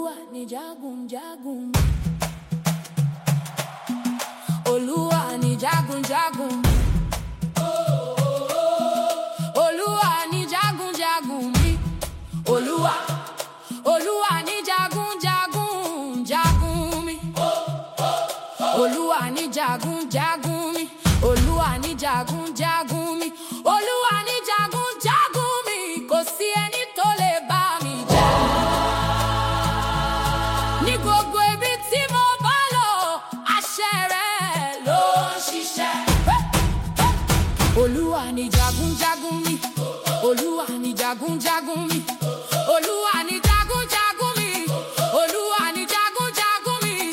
olúwa ni jagunjagun. olúwa ni ni jagunjagun mi. olúwa olúwa ni jagun jagun mi. olúwa ni jagunjagun mi. olúwa ni jagunjagun. olúwa ni jagùn mi olúwa ni jagùn mi olúwa ni jagùn mi olúwa ni jagùn mi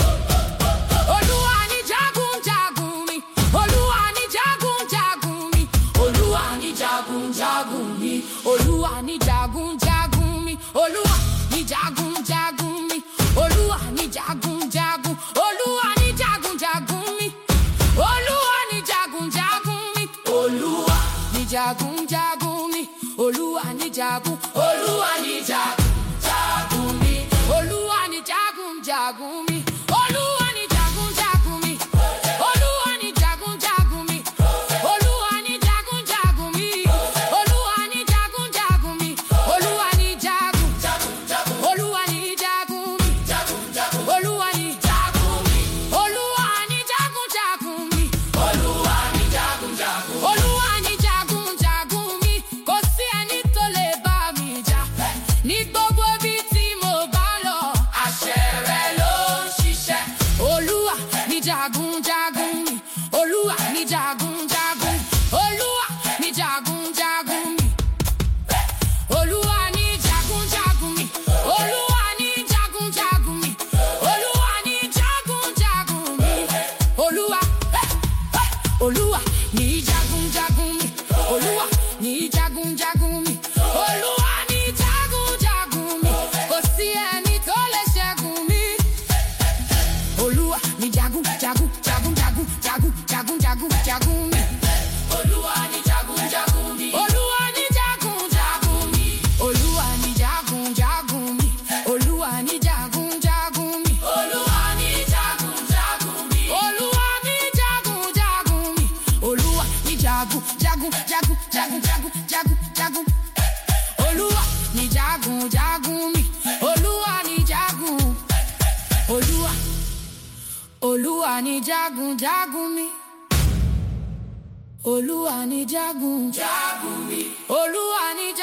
olúwa ni jagùn mi olúwa ni jagùn mi olúwa ni jagùn. mi olúwa ni jagunjagun mi. jagun jagun ni olúwa ni jagun olúwa ni jagun. Olua ní jagun jagun mi. Olua ní jagun jagun mi. Olua ní jagun jagun mi. Kò sí tole tó lè mi. Olúwa ní jagun jagun jagun jagun jagun jagun jagun jagun mi. jagun jagun jagun jagun jagun jagun olúwa ni jagun jagun mi olúwa ni jagun olúwa olúwa ni jagun jagun mi. Olúwa ni jagun. Jagun mi. Olúwa ni